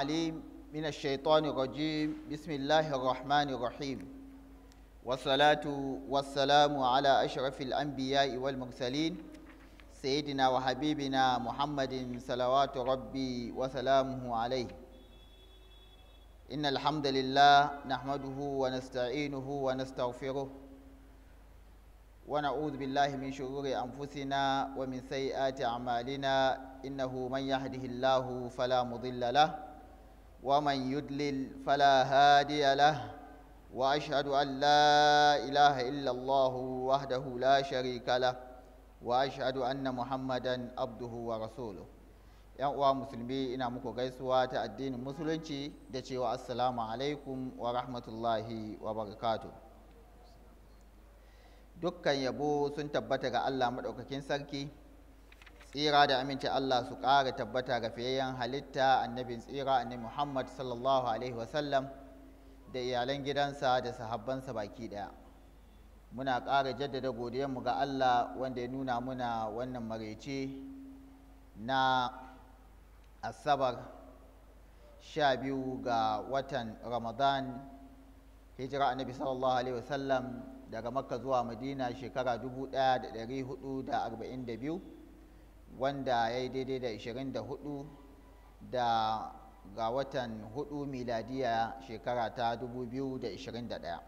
العليم من الشيطان الرجيم بسم الله الرحمن الرحيم والصلاة والسلام على أشرف الأنبياء والمرسلين سيدنا وحبيبنا محمد صلوات ربي وسلامه عليه إن الحمد لله نحمده ونستعينه ونستغفره ونعوذ بالله من شرور أنفسنا ومن سيئات أعمالنا إنه من يهده الله فلا مضل له ومن يدلل فلا هادي له وأشهد أن لا إله إلا الله وحده لا شريك له وأشهد أن محمدا عبده ورسوله ‘yan uwa musulmi ina muku gaisuwa ta addinin musulunci da cewa assalamu alaikum wa rahmatullahi wa barakatu dukkan yabo sun tabbata ga Allah maɗaukakin sarki tsira da aminci Allah su ƙara tabbata ga fiyayyen halitta annabin tsira annabi Muhammad sallallahu alaihi wasallam da iyalan gidansa da sahabbansa baki ɗaya muna ƙara jaddada godiyarmu ga Allah wanda ya nuna muna wannan marece na asabar sha biyu ga watan ramadan hijira annabi sallallahu alaihi wasallam daga makka zuwa madina shekara da biyu. wanda ya yi daidai da 24 da ga watan 4 miladiya shekara ta 2021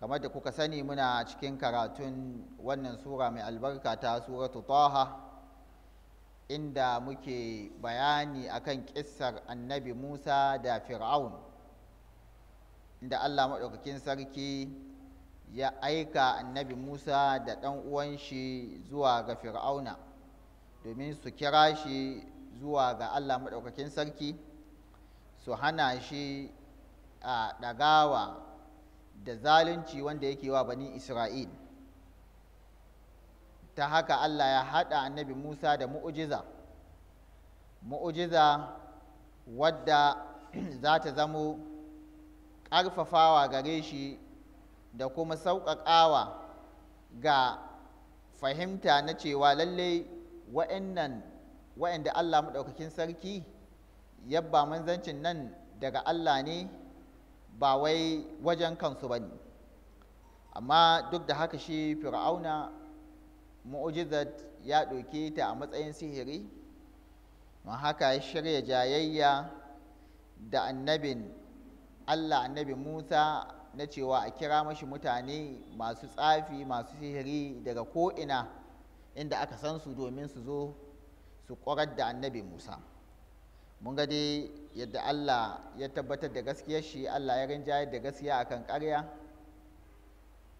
kamar da kuka sani muna cikin karatun wannan sura mai albarka ta suratu taha inda muke bayani akan kissar annabi musa da fir'aun inda allah maɗaukakin sarki ya aika annabi musa da ɗan uwan shi zuwa ga fir'auna domin su kira shi zuwa ga Allah maɗaukakin sarki su hana shi a ɗagawa da zalunci wanda yake wa bani Isra'il ta haka Allah ya haɗa annabi Musa da mu'ujiza mu'ujiza wadda za ta zamo ƙarfafawa gare shi da kuma sauƙaƙawa ga fahimta na cewa lallai wa'annan wa'anda Allah maɗaukakin sarki yabba manzancin nan daga Allah ne ba wai wajen kansu ba ne amma duk da haka shi fir'auna mu'ujizat ya ɗauke ta a matsayin sihiri ma haka ya shirya jayayya da annabin Allah annabi Musa na cewa a kira mashi mutane masu tsafi masu sihiri daga ko'ina inda aka san su domin su zo su ƙwarar da annabi musa mun ga dai yadda allah ya tabbatar da gaskiyar shi allah ya rinjayar da gaskiya akan karya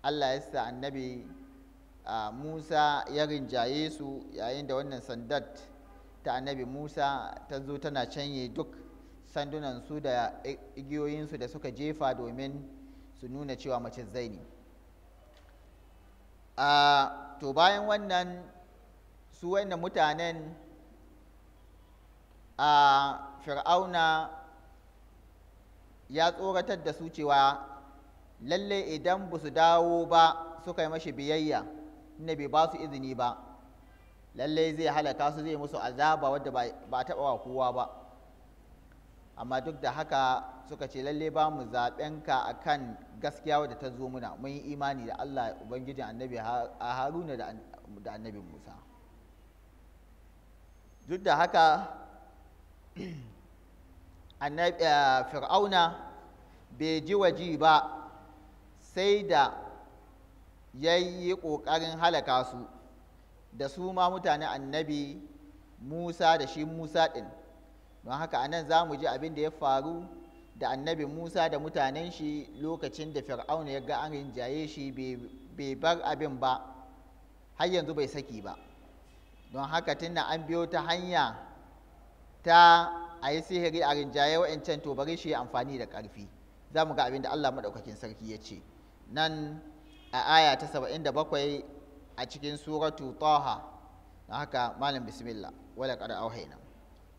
allah ya sa annabi musa ya rinjaye su yayin da wannan sandat ta annabi musa ta zo tana canye duk sandunan su da igiyoyinsu da suka jefa domin su nuna cewa mace zai ne to bayan wannan su wannan mutanen a fir'auna ya tsoratar da su cewa lalle idan ba su dawo ba suka yi mashi biyayya inda bai ba su izini ba lalle zai halaka su zai musu azaba wadda ba taɓa wa kowa ba amma duk da haka suka ce lalle ba mu zaɓen ka kan gaskiya wadda ta zo muna mun yi imani da Allah ubangijin annabi Haruna da annabi Musa duk da haka eh, fir'auna bai ji waji ba sai da ya yi ƙoƙarin halaka su da su ma mutane annabi musa da shi musa ɗin don haka a nan za mu ji abin da ya faru da annabi musa da mutanen shi lokacin da fir'auna ya ga an rinjaye shi bai bar abin ba har yanzu bai saki ba don haka da an biyo ta hanya ta a yi sihiri a rinjaye wa'ancan to bari shi amfani da ƙarfi za mu ga abin da allah maɗaukakin sarki ya ce nan a aya ta saba'in da bakwai a cikin suratu taha don haka malam bismillah wala ƙara auhaina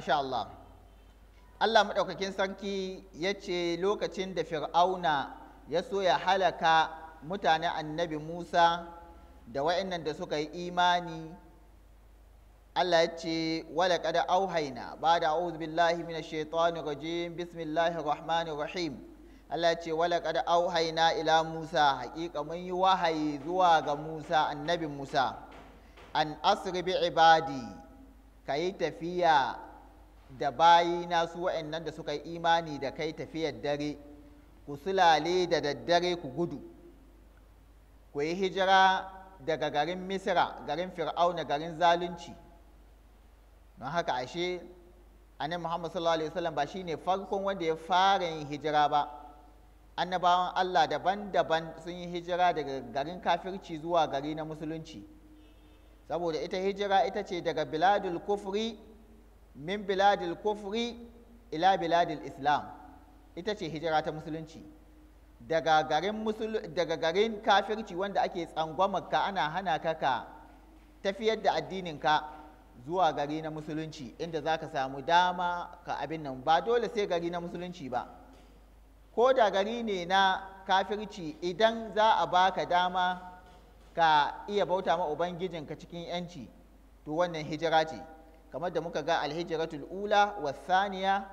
masha Allah Allah maɗaukakin sarki ya ce lokacin da fir'auna ya so ya halaka mutanen annabi Musa da wa'annan da suka yi imani Allah ya ce wala kada auhaina ba da auzu billahi mina shaitanir rajim bismillahi rahmanir rahim Allah ya ce wala kada auhaina ila Musa haƙiƙa mun yi wahayi zuwa ga Musa annabi Musa an asri bi ibadi kayi tafiya da bayina su wa'annan da suka yi imani da kai tafiyar dare ku sulale da daddare ku gudu ku yi hijira daga garin misira garin fir'auna garin zalunci don haka ashe annabi muhammad sallallahu alaihi wasallam ba shine farkon wanda ya fara yin hijira ba annabawan allah daban-daban sun yi hijira daga garin kafirci zuwa gari na musulunci saboda ita hijira ita ce daga biladul kufri min biladil kufri ila biladil islam ita ce hijira ta musulunci daga garin musul daga garin kafirci wanda ake tsangwamarka ana hana ka ka tafiyar da addininka zuwa gari na musulunci inda za ka samu dama ka abin nan ba dole sai gari na musulunci ba ko da gari ne na kafirci idan za a baka dama ka iya bauta ma ubangijinka cikin 'yanci to wannan hijira ce kamar da muka ga alhijiratul ula wa saniya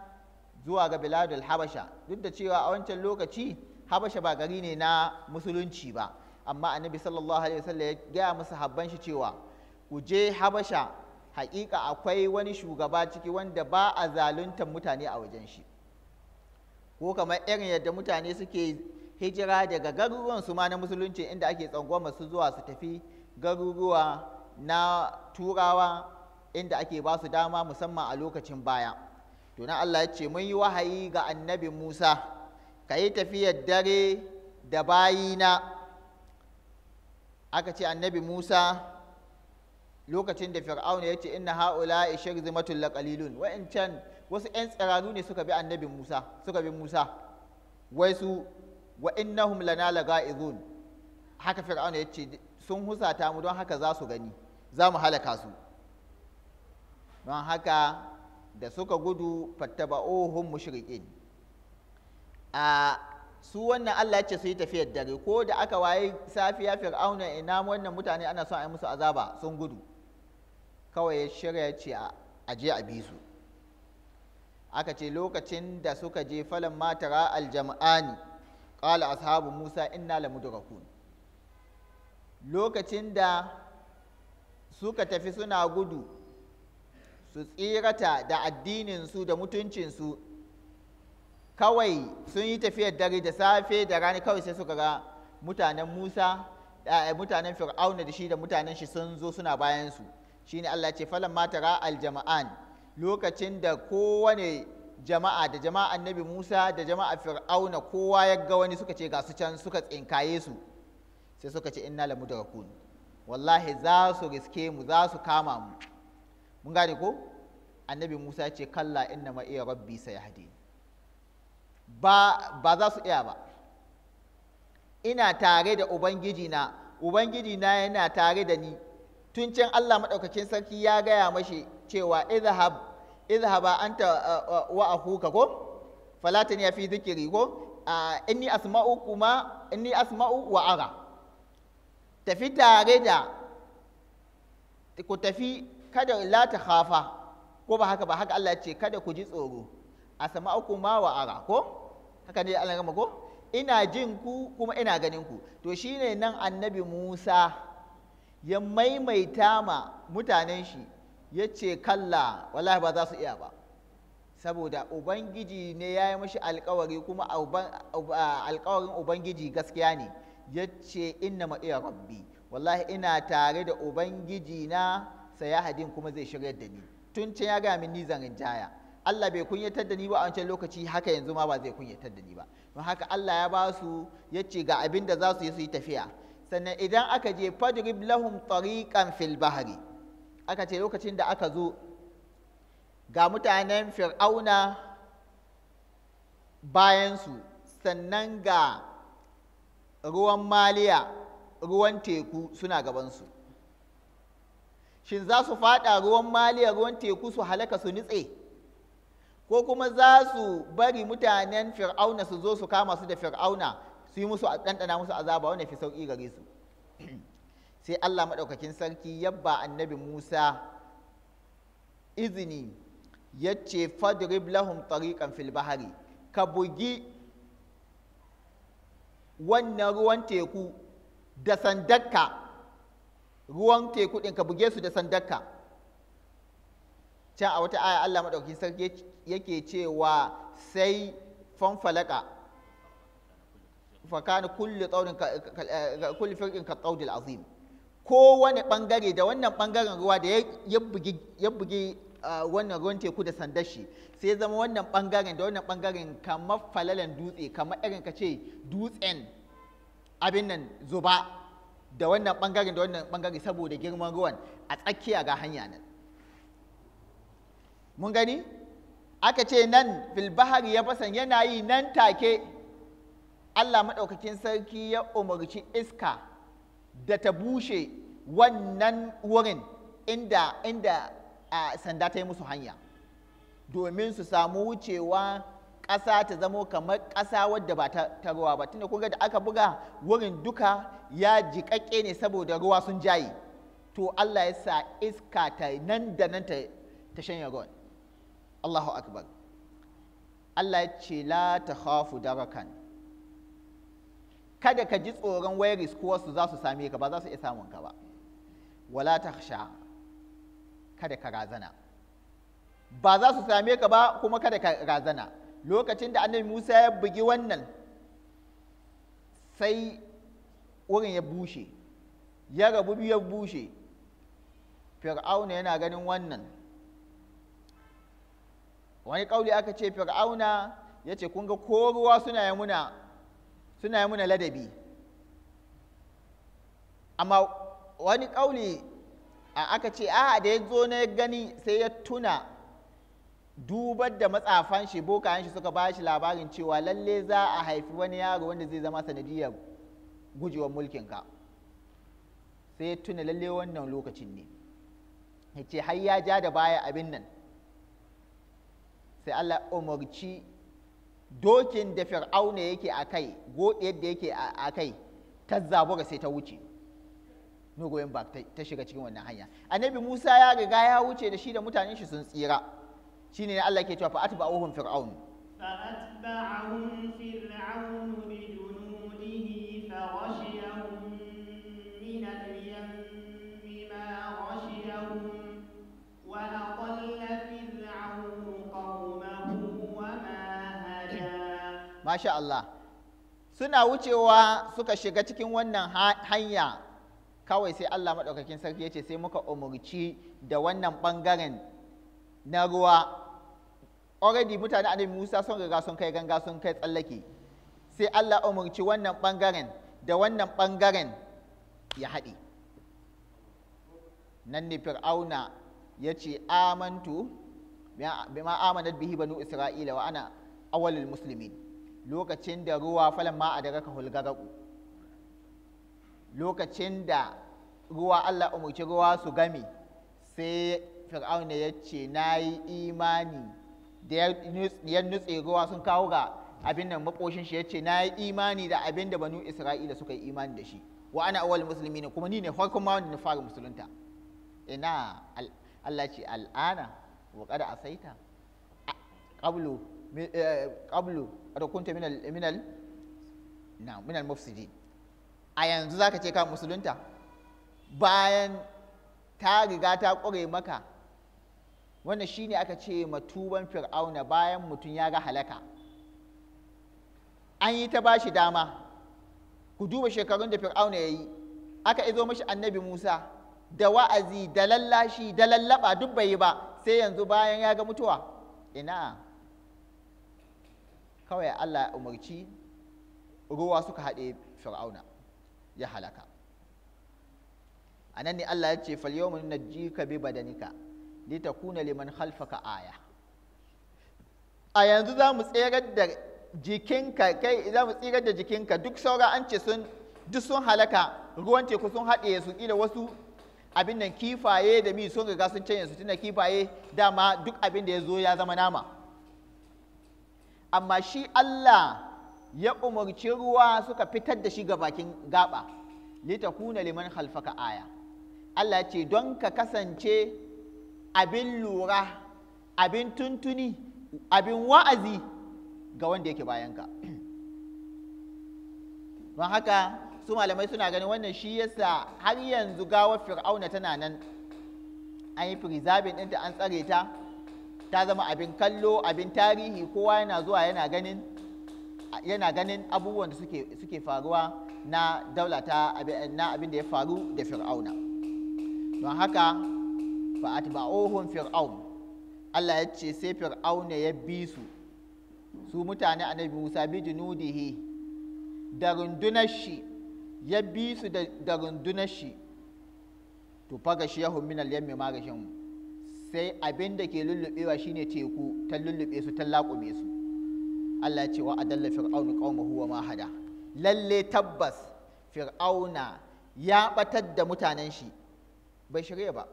zuwa ga biladul habasha duk da cewa a wancan lokaci habasha ba gari ne na musulunci ba amma annabi sallallahu alaihi wasallam ya gaya musu habban shi cewa ku je habasha hakika akwai wani shugaba ciki wanda ba a zalunta mutane a wajen shi ko kamar irin yadda mutane suke hijira daga garuruwan su ma na musulunci inda ake tsangwama su zuwa su tafi garuruwa na turawa inda ake ba su dama musamman a lokacin baya to Allah ya ce mun yi wahayi ga annabi Musa ka yi tafiyar dare da bayina aka ce annabi Musa lokacin da fir'auna ya ce inna ha'ula ishir zimatul laqalilun wa'incan wasu 'yan tsiranu ne suka bi annabi Musa suka bi Musa wai su wa innahum lana laga'izun haka fir'auna ya ce sun husata mu don haka za su gani za mu halaka su don haka da suka gudu fattaba'uhum mushrikin a su wannan Allah ce su yi tafiyar dare ko da aka waye safiya fir'auna ina wannan mutane ana son a yi musu azaba sun gudu kawai ya shirya ce a je a bi aka ce lokacin da suka je falan matara aljam'ani ƙala ashabu musa inna lamudrakun lokacin da suka tafi suna gudu su tsirata da addininsu da mutuncinsu kawai sun yi tafiyar dare da safe da rani kawai sai suka ga mutanen musa eh, mutanen fir'auna da shi da mutanen shi sun zo suna bayansu shine allah ce falan matara aljama'an lokacin da kowane jama'a da jama'a annabi musa da jama'a fir'auna kowa ya ga wani suka ce ga su can suka tsinkaye su sai suka ce inna lamu da wallahi za su riske mu za su kama mu mun gane ko annabi musa ce kalla inna ma iya rabbi sayahdi ba ba za su iya ba ina tare da ubangiji na ubangiji na yana tare da ni tun can Allah maɗaukakin sarki ya gaya mashi cewa izhab an anta wa ahuka ko falatin ya fi zikiri ko inni asma'u asma'u wa ara tafi tare da ku tafi kada la ta khafa ko ba haka ba haka Allah ya ce kada ku ji tsoro a uku ma wa ara ko haka ne Allah gama ko ina jin ku kuma ina ganin ku to shine nan annabi Musa ya maimaita ma mutanen shi ya ce kalla wallahi ba za su iya ba saboda ubangiji ne ya yi mashi alkawari kuma alkawarin ubangiji gaskiya ne ya ce inna ma'iya rabbi wallahi ina tare da ubangiji na sayahadin kuma zai shiryar da ni tun can ya ga min ni zan rinjaya Allah bai kunyatar da ni ba a wancan lokaci haka yanzu ma ba zai kunyatar da ni ba don haka Allah ya ba su ya ce ga abin da za su yi su yi tafiya sannan idan aka je fadrib lahum tariqan fil bahri aka ce lokacin da aka zo ga mutanen fir'auna bayansu sannan ga ruwan maliya ruwan teku suna gabansu shin za su faɗa ruwan maliya ruwan teku su halaka su nitse ko kuma za su bari mutanen fir'auna su zo su kama su da fir'auna su yi musu ɗanɗana musu azaba wanda fi sauƙi gare su sai allah maɗaukakin sarki yabba annabi musa izini ya ce fadrib lahum tariqan fil bahari ka bugi wannan ruwan teku da sandarka ruwan teku ɗin ka buge su da sandarka can a wata aya Allah maɗauki sarki yake cewa sai fanfalaka fakani kulli firkin kulli firqin ka tsaudil azim wani bangare da wannan bangaren ruwa da ya bugi wannan ruwan teku da sandar shi sai zama wannan bangaren da wannan bangaren kamar falalan dutse kamar irin ka ce dutsen abin nan zuba da wannan bangaren da wannan bangare saboda girman ruwan a tsakiya ga hanya nan mun gani aka ce nan filbahari ya fasan yana yi nan take Allah maɗaukakin sarki ya umarci iska da ta bushe wannan wurin inda inda sanda ta yi musu hanya domin su samu wucewa ƙasa ta zamo kamar ƙasa wadda ba ta ruwa ba tunda kun ga da aka buga wurin duka ya jiƙaƙƙe ne saboda ruwa sun jaye to Allah ya sa iska ta nan da nan ta shanya ruwan Allahu akbar Allah ya ce la ta khafu darakan kada ka ji tsoron wayaris ko su za su same ka ba za su iya samun ka ba wala ta kada ka razana ba za su same ka ba kuma kada ka razana lokacin da annabi Musa ya bugi wannan sai wurin ya bushe ya rabu ya bushe fir'auna yana ganin wannan wani kauli aka ce fir'auna ya ce kun ga suna yi muna suna yi muna ladabi amma wani kauli aka ce a da ya zo na gani sai ya tuna dubar da matsafan shi bokayen shi suka bashi labarin cewa lalle za a haifi wani yaro wanda zai zama sanadiyar gujewar mulkinka sai tuna lalle wannan lokacin ne ya ce har ya ja da baya abin nan sai Allah umarci dokin da fir'auna yake a kai godiyar da yake a kai ta zabura sai ta wuce nugoyin ba ta shiga cikin wannan hanya annabi musa ya riga ya wuce da shi da mutanen shi sun tsira shine Allah ke cewa fa atba'uhum fir'aun فأتبعهم فرعون hada. Masha Allah. suna wucewa suka shiga cikin wannan hanya kawai sai Allah maɗaukakin sarki ya ce sai muka umurci da wannan ɓangaren na ruwa already mutane annabi Musa sun riga sun kai ganga sun kai tsallake sai Allah umarci wannan bangaren da wannan bangaren ya haɗe nan ne fir'auna ya ce amantu bima amanat bihi banu isra'ila wa ana awalul muslimin lokacin da ruwa falan ma a daga hulgaraku lokacin da ruwa Allah umarci ruwa su gami sai fir'auna ya ce na yi imani da ya nutse ruwa sun kawo ga abin nan makoshin shi ya ce na yi imani da abin da banu isra'ila suka yi imani da shi wa ana awal musulmi ne kuma ni ne farkon ma wanda na fara musulunta ina Allah ce al'ana wa kada saita. qablu eh, qablu da kunta minal minal na minal mufsidin a yanzu zaka ce ka musulunta bayan ta riga ta kure maka wannan ne aka ce matuban fir'auna bayan mutum ya ga halaka an yi ta bashi dama ku duba shekarun da fir'auna ya yi aka izo mashi annabi musa da wa'azi da lallashi da lallaba duk bai yi ba sai yanzu bayan ya ga mutuwa ina kawai allah ya umarci ruwa suka haɗe fir'auna ya halaka a nan ne allah ya ce ji najjika bi nika. litakuna liman khalfaka aya a yanzu za mu tsirar da jikinka kai za mu tsirar da jikinka duk saura an ce sun duk sun halaka ruwan teku sun haɗe su ƙila wasu abin nan kifaye da mi sun riga sun canye su tuna kifaye dama duk abin da ya zo ya zama nama amma shi Allah ya umarci ruwa suka fitar da shi ga bakin gaba litakuna liman khalfaka aya Allah ce don ka kasance abin lura abin tuntuni abin wa'azi ga wanda yake bayanka don haka su malamai suna ganin wannan shi yasa har yanzu gawar fir'auna tana nan an yi firizabin ɗinta an tsare ta ta zama abin kallo abin tarihi kowa yana zuwa yana ganin yana ganin abubuwan da suke, faruwa na daula na abin da ya faru da fir'auna don haka fa ohun fir'aun Allah ya ce sai fir'auna ya bi su su mutane annabi Musa bi junudihi da rundunar shi ya bi su da rundunar shi to faga shi ya hummin al-yammi magashin sai abin da ke lullubewa shine teku ta lullube su ta laƙume su Allah ya ce wa adalla fir'aun qaumahu wa ma hada lalle tabbas fir'auna ya batar da mutanen shi bai shirya ba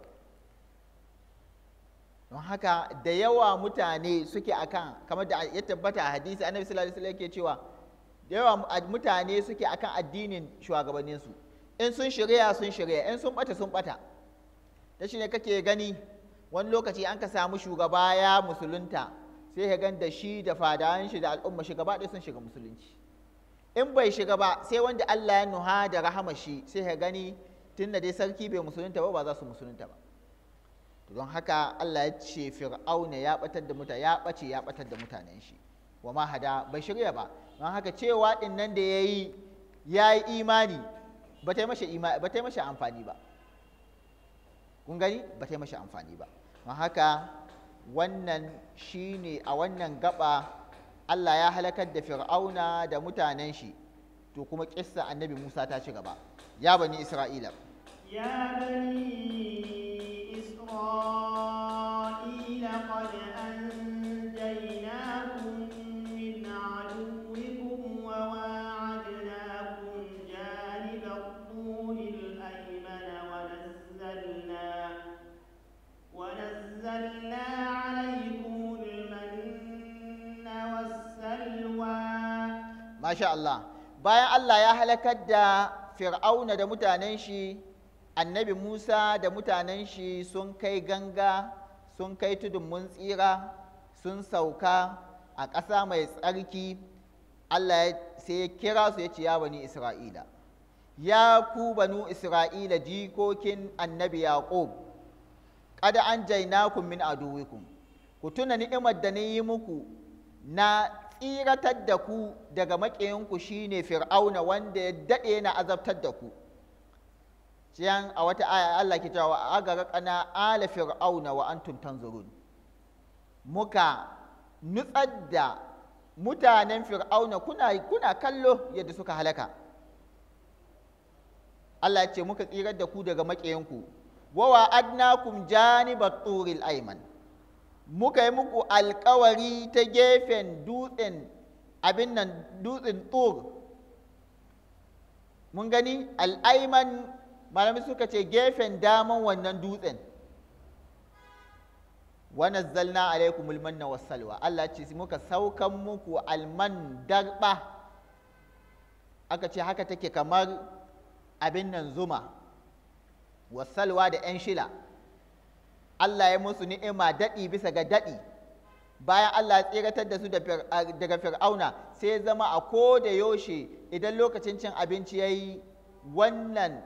don haka da yawa mutane suke akan kamar da ya tabbata a hadisi annabi sallallahu alaihi wasallam yake cewa da yawa mutane suke kan addinin shugabanninsu in sun shirya sun shirya in sun bata sun bata ta shi ne kake gani wani lokaci an ka samu shugaba ya musulunta sai ka gan da shi da fadawan shi da al'umma shi gaba sun shiga musulunci in bai shiga ba sai wanda Allah ya nuha da rahama shi sai ka gani tunda dai sarki bai musulunta ba ba za su musulunta ba don haka Allah ya ce fir'auna ya batar da mutane ya bace ya batar da mutanen shi wa ma hada bai shirya ba don haka cewa din nan da yayi yayi imani ba yi masa imani ba ta yi masa amfani ba kun gani ba ta yi masa amfani ba don haka wannan shine a wannan gaba Allah ya halakar da fir'auna da mutanen shi to kuma kissa annabi Musa ta ci gaba ya bani Isra'ila ya bani إسرائيل قد أنجيناكم من عدوكم وواعدناكم جانب الطول الأيمن ونزلنا, ونزلنا عليكم المن والسلوى ما شاء الله bayan الله يا هلكت da Fir'auna da annabi musa da mutanen shi sun kai ganga sun kai tudun mun tsira sun sauka a ƙasa mai tsarki allah sai ya kira su ya ce ya bani isra'ila ya ku banu isra'ila jikokin annabi yaqub kada an ku min aduwikum ku tuna ni'imar da na yi muku na tsiratar da ku daga maƙiyinku shine fir'auna wanda ya daɗe na azabtar da ku ciyan a wata aya Allah ke cewa agara kana ala fir'auna wa antum tanzurun muka nutsar da mutanen fir'auna kuna kuna kallo yadda suka halaka Allah ce muka tsirar da ku daga maƙiyanku wa adnakum janibat turil ayman muka yi muku alkawari ta gefen dutsen abin nan dutsen tur mun gani al'aiman malami suka ce gefen daman wannan dutsen wa zalna alaikumul manna wasalwa. Allah ce muka saukan muku alman darba aka ce haka take kamar abin nan zuma wasalwa da 'yan shila Allah ya musu ni'ima daɗi bisa ga daɗi bayan Allah ya tseratar da su daga fir'auna sai zama a ko da yaushe idan lokacin cin abinci ya yi wannan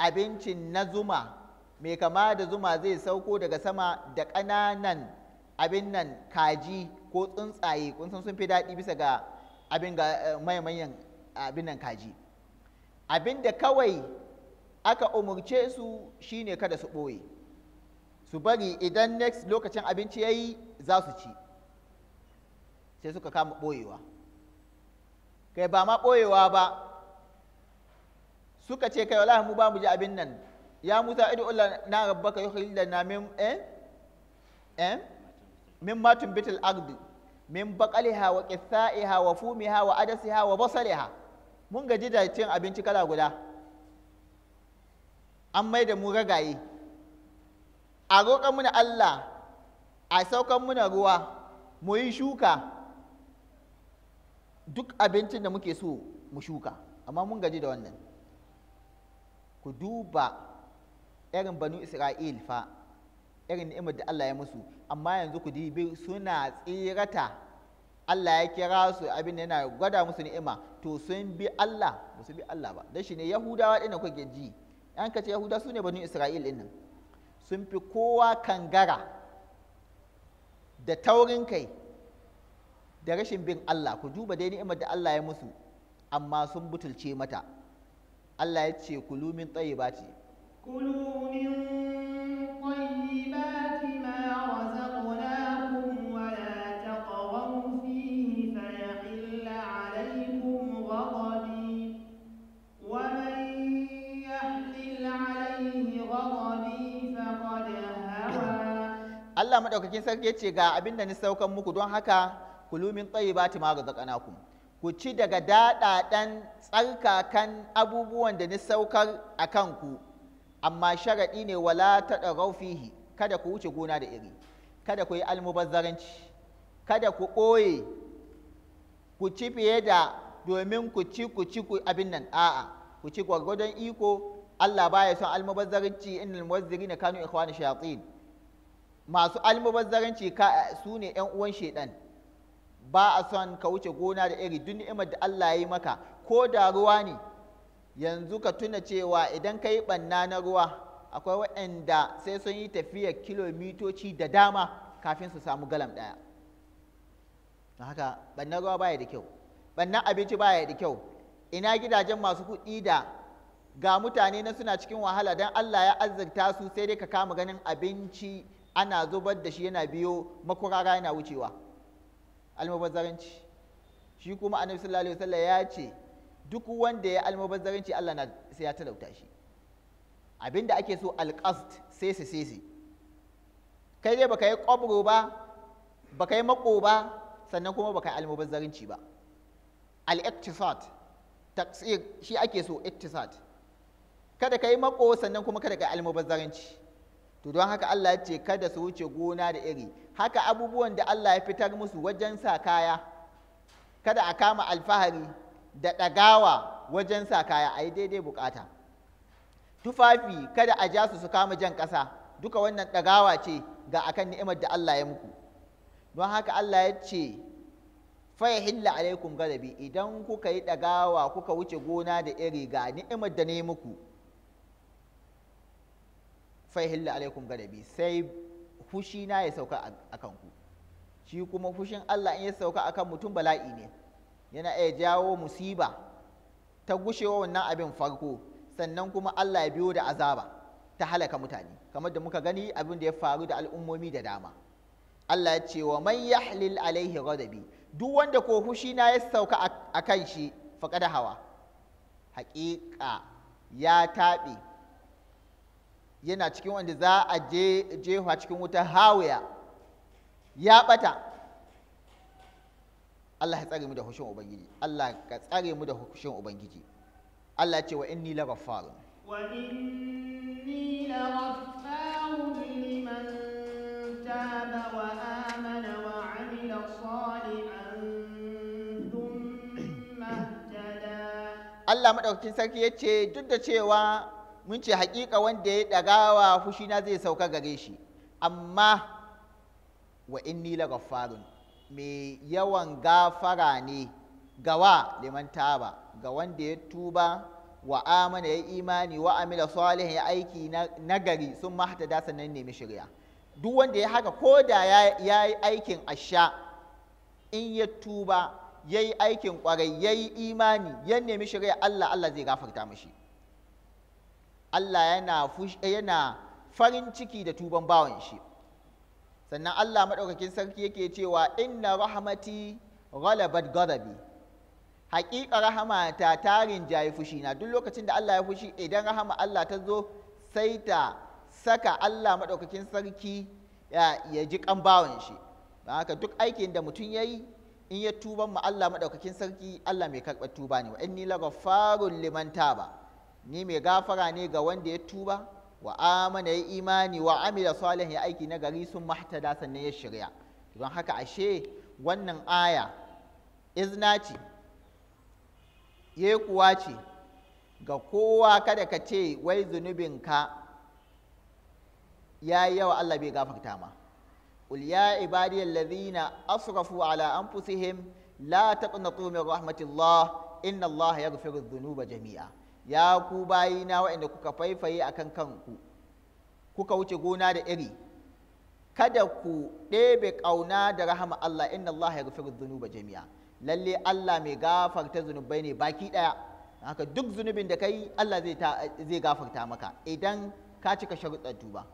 abincin na zuma mai kama da zuma zai sauko daga sama da ƙananan abin nan kaji ko tsuntsaye kun san sun fi daɗi bisa ga abin ga eh, mayan abin nan kaji abin da kawai aka umurce su shine kada su ɓoye su bari idan next lokacin abinci ya yi za su ci sai suka kama ɓoyewa kai ba ma ɓoyewa ba suka ce kai wallahi mu ba mu ji abin nan ya musa idu ulla na rabbaka yuhil lana min eh eh min matum bitil aqdi min baqaliha wa qithaiha wa fumiha wa adasiha wa basaliha mun gaji da cin abinci kala guda an mai da mu ragaye a roƙa muna Allah a saukan muna ruwa mu yi shuka duk abincin da muke so mu shuka amma mun gaji da wannan ku duba irin banu isra'il fa irin ni'imar da Allah ya musu amma yanzu ku dibi suna tsirata Allah ya kira su abin da yana gwada musu ni'ima to sun bi Allah ba su bi Allah ba dan ne yahudawa din kuke ji an kace yahuda su ne banu isra'il din sun fi kowa kangara da taurin kai da rashin bin Allah ku duba dai ni'imar da Allah ya musu amma sun butulce mata Allah ya ce kulu min tayyibati kulu min tayyibati ma razaqnakum wa la taqaw fihi fa yahilla alaykum ghadabi wa man yahlil alayhi ghadabi faqad hawa Allah madaukakin sarki ya ce ga abinda ni saukan muku don haka kulu min tayyibati ma razaqnakum ku ci daga daɗaɗen tsarkakan abubuwan da ni saukar a kanku amma sharaɗi ne wala ta fihi kada ku wuce gona da iri kada ku yi almubazzaranci kada ku ɓoye ku ci fiye da domin ku ci ku ci ku abin nan a'a ku ci gwargwadon iko Allah baya son almubazzaranci innal na kanu ikhwana shayatin masu almubazzaranci su ne ƴan uwan shaiɗan. ba a son ka wuce gona da iri duk ni'imar da Allah ya yi maka ko da ruwa ne yanzu ka tuna cewa idan ka yi ɓanna na ruwa akwai waɗanda sai sun yi tafiya kilomitoci da dama kafin su samu galam ɗaya haka ɓannan ruwa baya da kyau ɓannan abinci baya da kyau ina gidajen masu kuɗi da ga mutane na suna cikin wahala don Allah ya azzarta su sai dai ka kama ganin abinci ana zubar da shi yana biyo makurara yana wucewa almubazzaranci shi kuma annabi sallallahu alaihi wasallam ya ce duk wanda ya almubazzaranci Allah na sai ya talauta shi abinda ake so alqast sai sai sai kai dai baka yi kwabro ba baka yi mako ba sannan kuma baka yi almubazzaranci ba al-iqtisad taqsir shi ake so iqtisad kada ka yi mako sannan kuma kada ka yi almubazzaranci to don haka Allah ya ce kada su wuce gona da iri haka abubuwan da Allah ya fitar musu wajen sa kaya kada a kama alfahari da ɗagawa wajen sa kaya a yi daidai bukata tufafi kada a ja su su kama jan ƙasa duka wannan ɗagawa ce ga akan ni'imar da Allah ya muku don haka Allah ya ce faya hilla alaikum galabi idan kuka yi ɗagawa kuka wuce gona da iri ga ni'imar da ne muku fa yahillu alaikum gadabi sai fushi na ya sauka a ku shi kuma fushin Allah in ya sauka akan mutum bala'i ne yana iya jawo musiba ta gushewa wannan abin farko sannan kuma Allah ya biyo da azaba ta halaka mutane kamar da muka gani abin da ya faru da al'ummomi da dama Allah ya ce wa man yahlil alaihi ghadabi duk wanda ko fushi na ya sauka akan shi faqada hawa haƙiƙa ya taɓe yana cikin wanda za a jehuwa cikin wutar hawaya ya bata Allah ya tsare mu da hushin ubangiji Allah ka tsare mu da hushin ubangiji Allah ce wa inni la ghaffarun wa inni la ghaffarun liman taba wa amana wa amila salihan thumma Allah madaukakin sarki yace duk da cewa mun ce haƙiƙa wanda ya ɗagawa fushina zai sauka gare shi amma wa inni la gaffarun mai yawan gafara ne gawa liman taba ga wanda ya tuba wa amana ya imani wa amila salihin ya aiki nagari sun mahata da sannan nemi shirya duk wanda ya haka ko da ya yi aikin asha in ya tuba ya yi aikin kwarai ya yi imani ya nemi shirya Allah Allah zai gafarta mashi Allah yana yana farin ciki da tuban bawan shi sannan Allah maɗaukakin sarki yake cewa inna rahmati ghalabat ghadabi haƙiƙa rahama ta tarin jayi fushi na duk lokacin da Allah ya fushi idan rahama Allah ta zo sai ta saka Allah maɗaukakin sarki ya, ji kan bawan shi don haka duk aikin da mutum ya yi in ya tuban ma Allah maɗaukakin sarki Allah mai karɓar tuba ne wa inni la ghaffarun liman taba ni mai gafara ne ga wanda ya tuba wa amana ya imani wa amila ya aiki na gari sun mahtada sannan ya shirya don haka ashe wannan aya izna ce ya kuwa ce ga kowa kada ka ce wai zunubinka ya yi yawa Allah bai gafarta ma قل يا عبادي الذين أسرفوا على أنفسهم لا تقنطوا من رحمة الله إن الله يغفر الذنوب jami'a. ya ku bayina waɗanda kuka faifaye akan kanku kuka wuce gona da iri kada ku ɗebe ƙauna da rahama Allah inna Allah ya rufe zunuba jami'a lalle Allah mai gafarta zunubai ne baki ɗaya haka duk zunubin da kai Allah zai gafarta maka idan ka cika sharuɗar tuba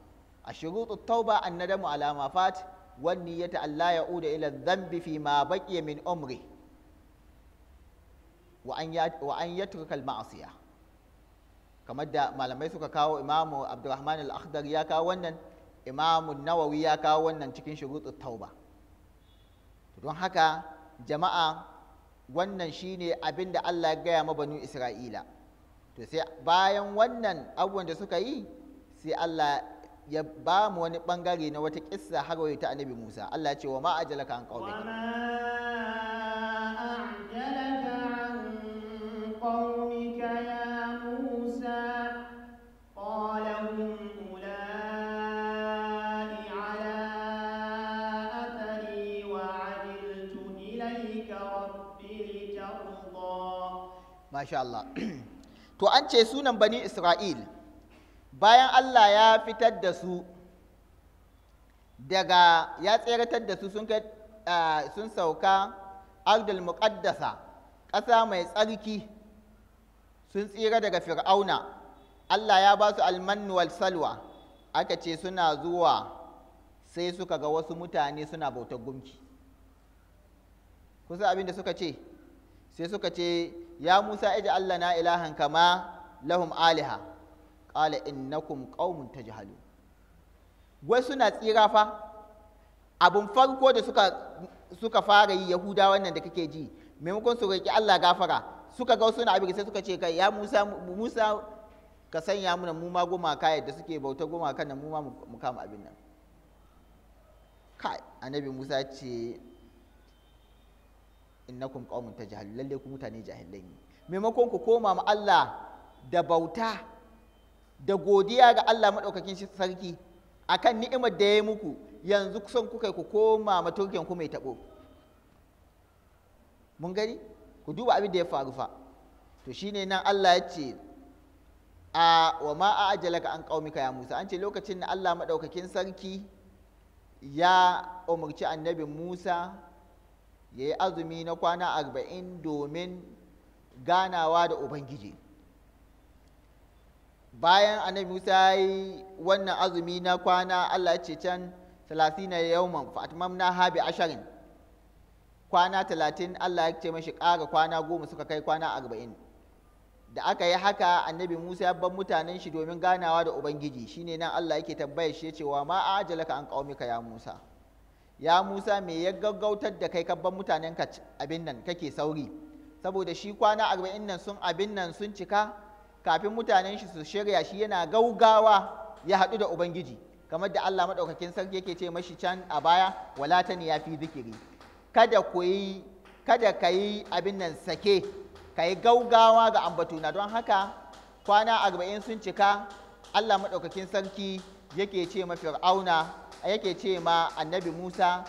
a shuruɗu tauba annadamu alama fat wani ya allah ya uda ila dhanbi fi ma baƙi min umri wa an yatruka al-ma'siyah kamar da malamai suka kawo imamu abdurrahman al-akhdar ya kawo wannan imamu nawawi ya kawo wannan cikin shurutu tauba don haka jama'a wannan shine abin da Allah ya gaya ma banu isra'ila to sai bayan wannan abubuwan da suka yi sai Allah ya ba mu wani bangare na wata kissa har ta annabi Musa Allah ya ce wa ma ajalaka an ya masha Allah to an ce sunan bani Isra'il bayan Allah ya fitar da su daga ya tseratar da su sun sauka ardul muqaddasa ƙasa mai tsarki sun tsira daga fir'auna Allah ya ba su almanuwal salwa aka ce suna zuwa sai suka ga wasu mutane suna bautar gumki kusa abin da suka ce sai suka ce ya musa ija allah na ilahan kama lahum aliha qala innakum qaumun jihalu. wai suna tsira fa abun farko da suka suka fara yi yahuda wannan da kake ji maimakon su roki allah gafara suka ga suna abin sai suka ce kai ya musa musa ka sanya muna mu ma gumaka yadda suke bauta gumakan nan mu ma mu kama abin nan kai annabi musa ce innakum qaumun tajhal lalle ku mutane jahilai ne maimakon ku koma ma Allah da bauta da godiya ga Allah madaukakin sarki akan ni'imar da ya yi muku yanzu kusan kuka ku koma ma turken ku mai tabo mun gani ku duba abin da ya faru fa to shine nan Allah ya ce a wa ma a ajalaka an qaumika ya Musa an ce lokacin da Allah madaukakin sarki ya umarci annabi Musa ya yi azumi na kwana arba'in domin ganawa da ubangiji bayan annabi musa ya yi wannan azumi na kwana allah ya ce can talatina yawman fatmam na habi asharin kwana talatin allah ya ce mashi ƙara kwana goma suka kai kwana arba'in da aka yi haka annabi musa ya bar mutanen shi domin ganawa da ubangiji shine nan allah yake tambayar shi cewa ma ajalaka an ƙaumika ya musa ya Musa me ya gaggautar da kai kabban mutanen ka abin nan kake sauri saboda shi kwana arba'in nan sun abin nan sun cika kafin mutanen shi su shirya shi yana gaugawa ya haɗu da ubangiji kamar da Allah maɗaukakin sarki yake ce mashi can a baya wala ta ya fi zikiri kada ku yi kada ka yi abin nan sake ka gaugawa ga ambatuna don haka kwana arba'in sun cika Allah maɗaukakin sarki yake ce ma fir'auna yake ce ma annabi Musa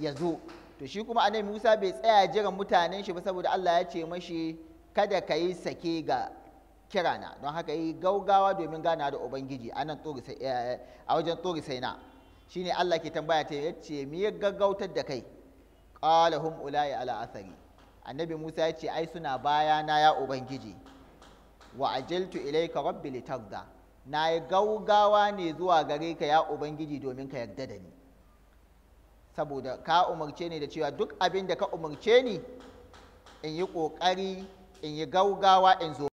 ya zo to shi kuma annabi Musa bai tsaya jiran mutanen shi ba saboda Allah ya ce mashi kada ka yi sake ga kirana don haka yi gaugawa domin gana da ubangiji a nan eh, a wajen tsori sai na shine Allah ke tambaya ta yace me ya gaggautar da kai qalahum hum ulai ala athari annabi Musa ya ce ai suna bayana ya ubangiji wa ajaltu ilayka rabbi litagda na yi gaugawa ne zuwa gare ka ya ubangiji domin ka yarda da ni saboda ka umarce ni da cewa duk abin da ka umarce ni in yi ƙoƙari in yi gaugawa in zo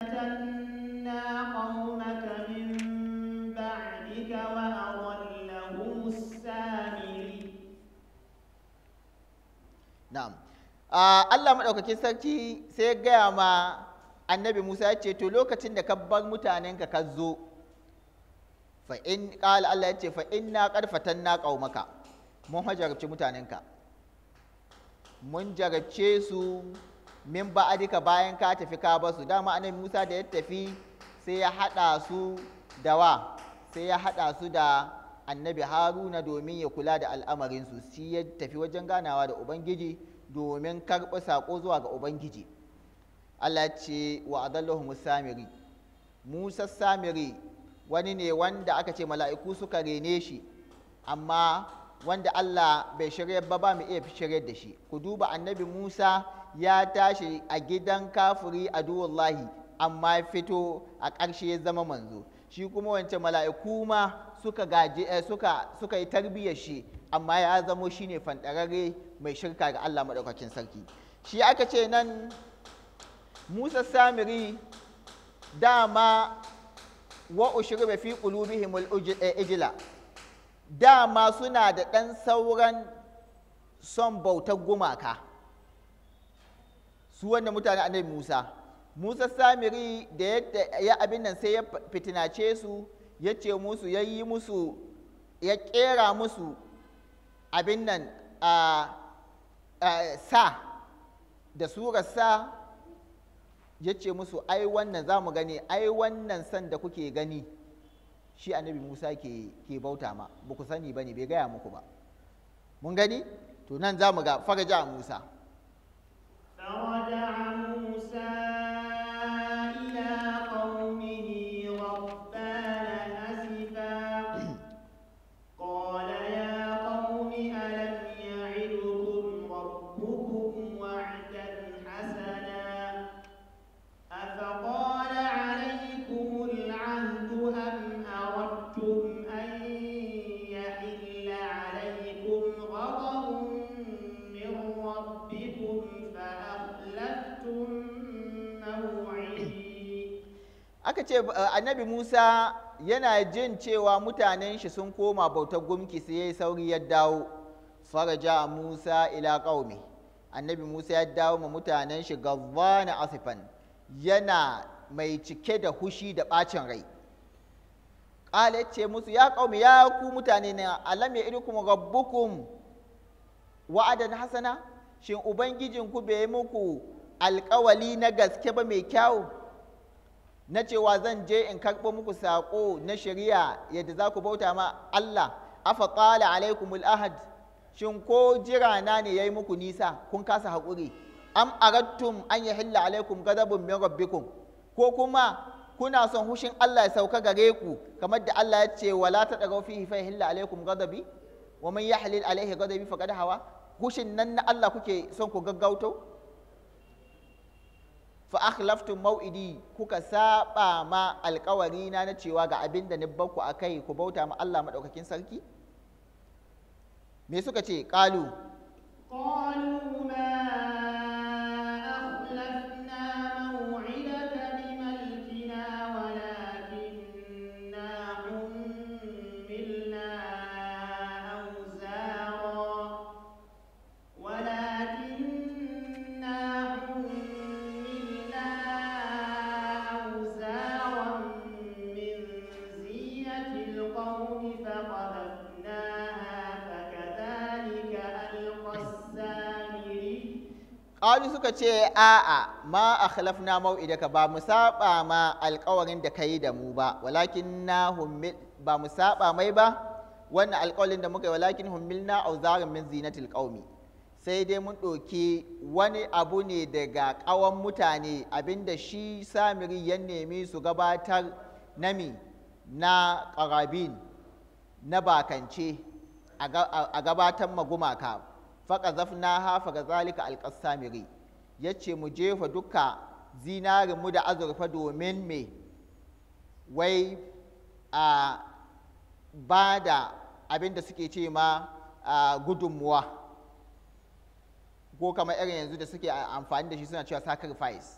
Allah maɗaukakin sarki sai gaya ma annabi Musa ya ce, To lokacin da ka bar mutanenka ka zo, fa in qala Allah yace fa inna qad fatanna qaumaka mun hajarci mutanenka mun jarabce su min ba'adika bayan ka tafi ka basu dama anan Musa da ya tafi sai ya hada su da wa sai ya hada su da annabi Haruna domin ya kula da al'amarin su shi ya tafi wajen ganawa da ubangiji domin karɓi sako zuwa ga ubangiji Allah ce wa adallahu musamiri Musa samiri wani ne wanda aka ce mala'iku suka rene shi amma wanda Allah bai shirya ba ba mu iya shirya da shi ku duba annabi Musa ya tashi a gidan kafuri a duwallahi amma fito a ƙarshe ya zama manzo shi kuma wance mala'iku ma suka gaje eh, suka yi tarbiyyar shi amma ya zamo shine fanɗararre mai shirka ga Allah maɗaukakin sarki shi aka ce nan Musa Samiri dama wa ushribe fi qulubihim al-ijla eh, dama suna da ɗan sauran son bautar gumaka su wanda mutane annabi Musa Musa Samiri da yadda ya abin nan sai ya fitinace su ya ce musu ya yi musu ya kera musu abin nan a ah, ah, sa da surar sa ya ce musu ai wannan za mu gani ai wannan san da kuke gani shi annabi musa ke, bauta ma ba ku sani ba ne bai gaya muku ba mun gani to nan za mu ga faraja musa ce eh, annabi Musa yana jin cewa mutanen shi sun koma bautar gumki sai yi sauri ya dawo faraja Musa ila qaumi annabi Musa ya dawo ma mutanen shi gazzana asifan yana mai cike da hushi da bacin rai qala ce musu ya qaumi ya ku mutane na alam ya kuma rabbukum wa'adan hasana shin ubangijinku bai yi muku alkawali na gaske ba mai kyau. na cewa zan je in karɓo muku saƙo na shari'a yadda za ku bauta ma Allah afa qala alaikumul ahad shin ko jira na ne yayi muku nisa kun kasa haƙuri am aradtum an yahilla alaikum ghadabun min rabbikum ko kuma kuna son hushin Allah ya sauka gare ku kamar da Allah ya ce wala ta daga fihi fa yahilla alaikum ghadabi wa man yahlil alaihi ghadabi faqad hawa hushin nan na Allah kuke son ku gaggauto fa akhlaftu mau'idi kuka saba ma alkawari na na cewa ga abin da ni barku akai ku bauta ma Allah madaukakin sarki me suka ce qalu Wani suka ce a'a ma a akhlafna mau'idaka ba mu saba ma alƙawarin da kai da mu ba walakin na ba mu saba mai ba wannan alƙawarin da muka yi walakin humilna auzarin min zinatil qaumi sai dai mun ɗauki wani abu ne daga ƙawan mutane abinda shi samiri ya nemi su gabatar nami na ƙarabin na bakance a gabatar magumaka faqazafnaha faqazalika ya ce mu jefa duka zinarin mu da azurfa domin me wai a ba da abin suke ce ma gudunmuwa ko kama irin yanzu da suke amfani da shi suna cewa sacrifice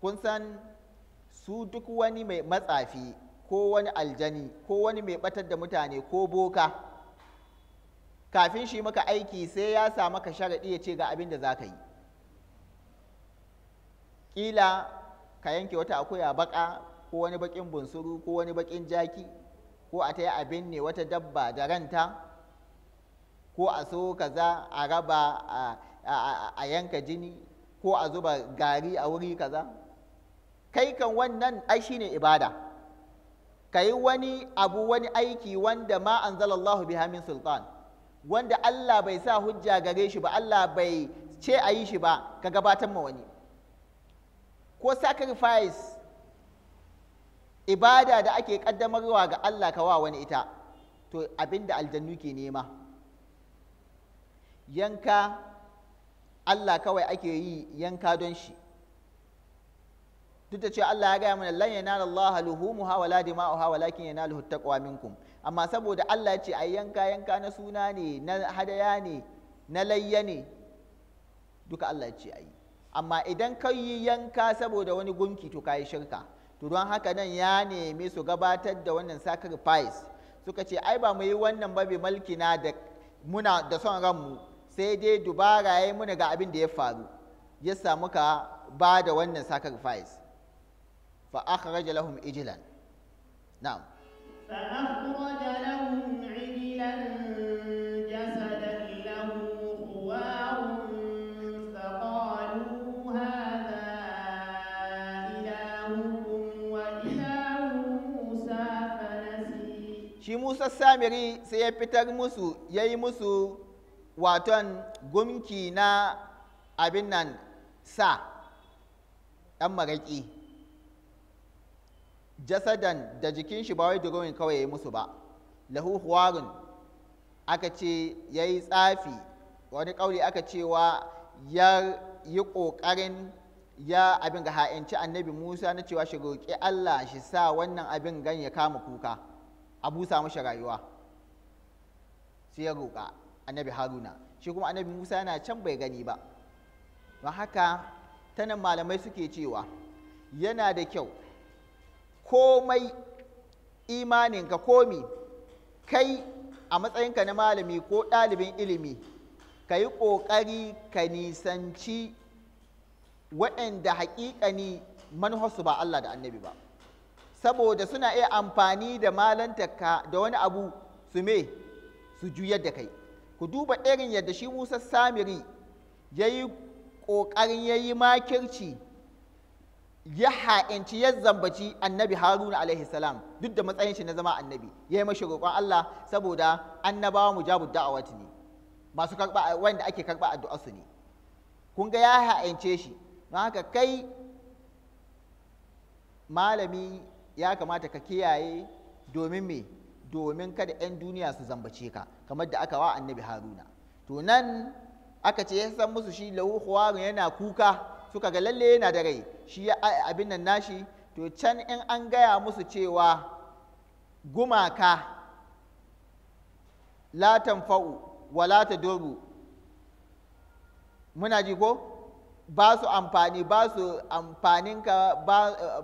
kun san su duk wani mai matsafi ko wani aljani ko wani mai batar da mutane ko boka kafin shi maka aiki sai ya sa maka sharaɗi ya ce ga abin da za ka yi ƙila ka yanke wata akuya baƙa ko wani baƙin bunsuru ko wani baƙin jaki ko a ta yi abin ne wata dabba da ranta ko a so kaza a raba a yanka jini ko a zuba gari a wuri kaza kai kan wannan ai shine ibada ka yi wani abu wani aiki wanda ma anzalallahu biha min sultan wanda Allah bai sa hujja gare shi ba Allah bai ce a yi shi ba ka gabatar ma wani ko sacrifice ibada da ake kaddamarwa ga Allah ka wani ita to abinda aljannu ke nema yanka Allah kawai ake yi yanka don shi duk da cewa Allah ya gaya mana lan yanala Allah luhumuha wala dima'uha walakin yanaluhu taqwa minkum amma saboda Allah ya ce ai yanka yanka na suna ne na hadaya ne na layya ne duka Allah ya ce ai amma idan ka yi yanka saboda wani gunki to yi shirka to don haka nan ya nemi su gabatar da wannan sacrifice suka ce ai ba mu yi wannan ba bi malkina da muna da son ran mu sai dai dubara yayi muna ga abin da ya faru ya samu ka ba da wannan sacrifice fa akhraja lahum ijlan na'am shi musa samiri sai ya fitar musu ya yi musu waton gumki na abin nan sa ɗan maraƙi. jasadan da jikin shi ba wai drawing kawai ya yi musu ba lahu huwarun aka ce ya yi tsafi wani ƙauli aka cewa ya yi ƙoƙarin ya abin ga ha'inci annabi musa na cewa shi roƙi allah shi sa wannan abin gan ya kama kuka a busa mashi rayuwa sai ya roƙa annabi haruna shi kuma annabi musa yana can bai gani ba don haka tanan malamai suke cewa yana da kyau komai imaninka komi kai a matsayinka na malami ko ɗalibin ilimi ka yi ƙoƙari ka nisanci waɗanda haƙiƙani manhasu ba Allah da annabi ba saboda suna iya amfani da malantaka da wani abu su me su juyar da kai ku duba irin yadda shi musa samiri ya yi ƙoƙarin ya yi makirci ya ha'inci ya zambaci annabi haruna alaihi salam duk da matsayin shi na zama annabi ya yi mashi roƙon allah saboda annabawa mujabu da'awati ne masu karɓa wanda ake karɓa addu'a su ne kun ga ya ha'ince shi don haka kai malami ya kamata ka kiyaye domin me domin kada 'yan duniya su zambace ka kamar da aka wa annabi haruna to nan aka ce ya san musu shi lahu yana kuka suka ga lalle yana da rai shi ya abin nan nashi to can in an gaya musu cewa gumaka la tanfa'u wa la tadurru muna ji ko ba su amfani ba su amfaninka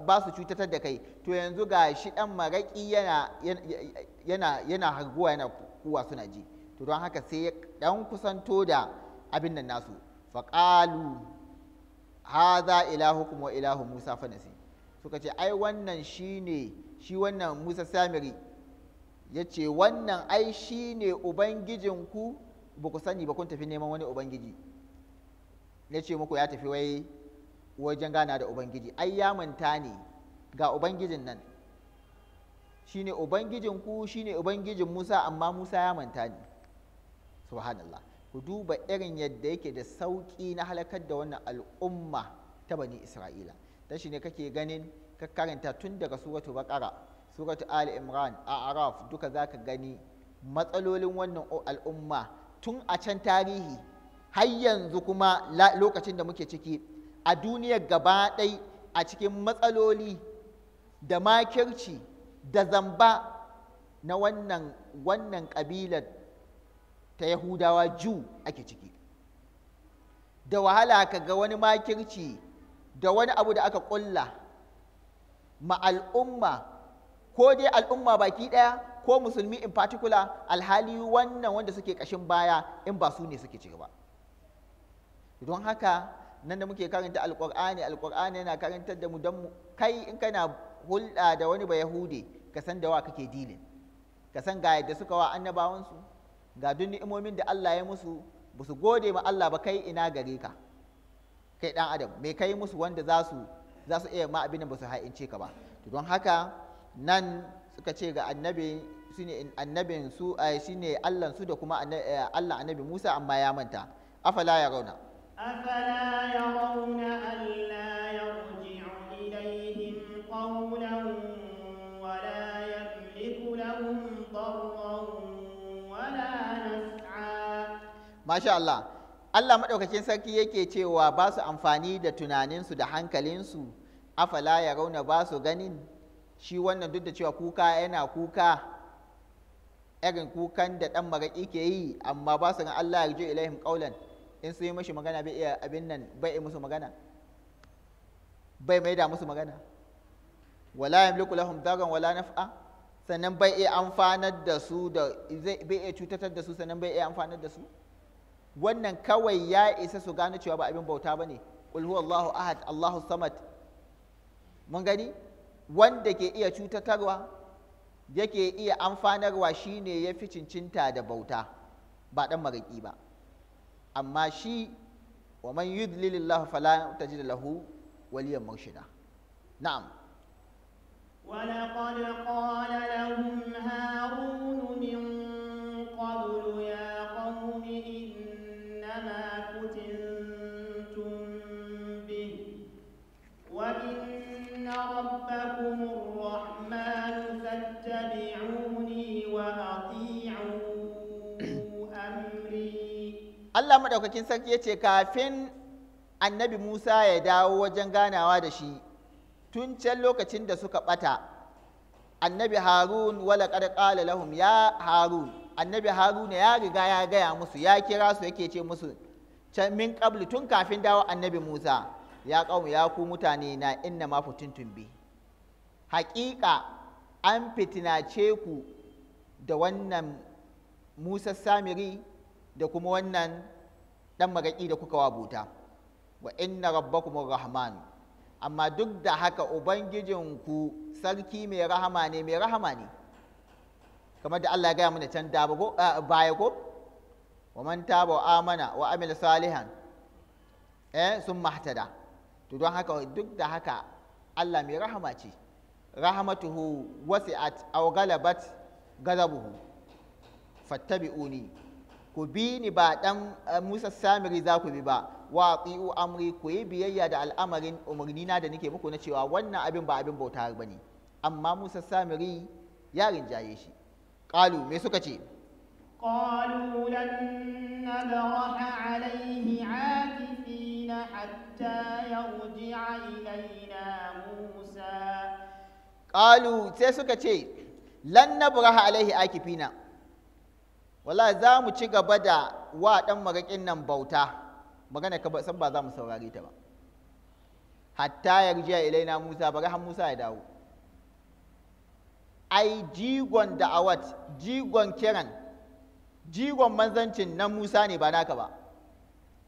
ba su cutatar da kai to yanzu ga shi ɗan maraƙi yana yana yana harguwa yana kuwa suna ji to don haka sai ya ɗan kusanto da abin nan nasu faƙalu haza ilahukum wa ilahu Musa fa fanasi suka ce ai wannan shine shi wannan Musa Samiri ya ce wannan ai shine ubangijinku ba ku sani ba kun tafi neman wani ubangiji ya ce muku ya tafi wai wajen gana da ubangiji ai ya manta ne ga ubangijin nan shine ubangijinku shine ubangijin Musa amma Musa ya manta ne subhanallah ku duba irin yadda yake da sauƙi na halakar da wannan al'umma ta bani isra'ila ta shi ne kake ganin ka karanta tun daga suratu baƙara suratu ali imran a araf duka za ka gani matsalolin wannan al'umma tun a can tarihi har yanzu kuma lokacin da muke ciki a duniya gaba ɗai a cikin matsaloli da makirci da zamba na wannan ƙabilar ta yahudawa ju ake ciki da wahala ka ga wani makirci da wani abu da aka kulla ma al'umma ko dai al'umma baki ɗaya ko musulmi in particular alhali wannan wanda suke kashin baya in ba su ne suke ci gaba don haka nan da muke karanta alƙur'ani alƙur'ani yana karantar da mu don mu kai in kana hulɗa da wani ba yahude ka san da wa kake dilin ka san ga yadda suka wa annabawansu ga duk ni'imomin da Allah ya musu ba su gode ma Allah ba kai ina gare ka kai dan adam me kai musu wanda za su za su iya ma abin da ba su ha'ince ka ba to don haka nan suka ce ga annabi shine annabin su eh, shine Allah su da kuma eh, Allah annabi Musa amma ya manta afala ya rauna afala ya rauna Allah masha Allah Allah maɗaukakin sarki yake cewa ba su amfani da tunaninsu da hankalinsu afala ya rauna ba su ganin shi wannan duk da cewa kuka yana kuka irin kukan da ɗan maraƙi ke yi amma ba su ran Allah ya rijo ilaihim ƙaulan in sun yi mashi magana bai iya abin nan bai musu magana bai mai da musu magana wala mulku lahum darran wala naf'a sannan bai iya amfanar da su da bai iya cutatar da su sannan bai iya amfanar da su wannan kawai ya isa su gane cewa ba abin bauta ba ne Allahu ahad Allahu samad mun gani wanda ke iya cutatarwa yake iya amfanarwa shine ya fi cincinta da bauta ba ɗan maraƙi ba amma shi wa man yudlilillahu fala tajid lahu waliyan murshida na'am ولقد قال لهم هارون من madaukakin sarki ya ce kafin annabi Musa ya dawo wajen ganawa da shi tun can lokacin da suka ɓata annabi Harun wala qala lahum ya Harun annabi Harun ya riga ya gaya musu ya kira su yake ce musu can min qabli tun kafin dawo annabi Musa ya kawo ya ku mutane na inna ma fitintun bi haƙiƙa an fitinace ku da wannan Musa Samiri da kuma wannan dan magaki da kuka wabuta wa inna rabbakum rahman amma duk da haka ubangijinku sarki mai rahama ne mai rahama ne kamar da Allah ya gaya mana can eh, baya ko wa man taba wa amana wa amil salihan eh sun mahtada to don haka duk da haka Allah mai rahama ce rahmatuhu wasi'at aw galabat ghadabuhu fattabi'uni ku bi ni ba dan eh, Musa Samiri za ku bi ba wa ati'u amri ku yi biyayya da al'amarin umarnina da nake muku na cewa wannan abin ba abin bauta ba ne amma Musa Samiri ya rinjaye shi qalu me suka ce qalu lan nabaha عليه عاكفين hatta yarji'a إلينا Musa. qalu sai suka ce lan nabaha alaihi akifina wala za mu ci gaba da wa ɗan maraƙin nan bauta magana ka san ba za mu saurari ta ba hatta yarjiya ilaina musa bari har musa ya dawo ai jigon da'awat jigon kiran jigon manzancin na musa ne ba naka ba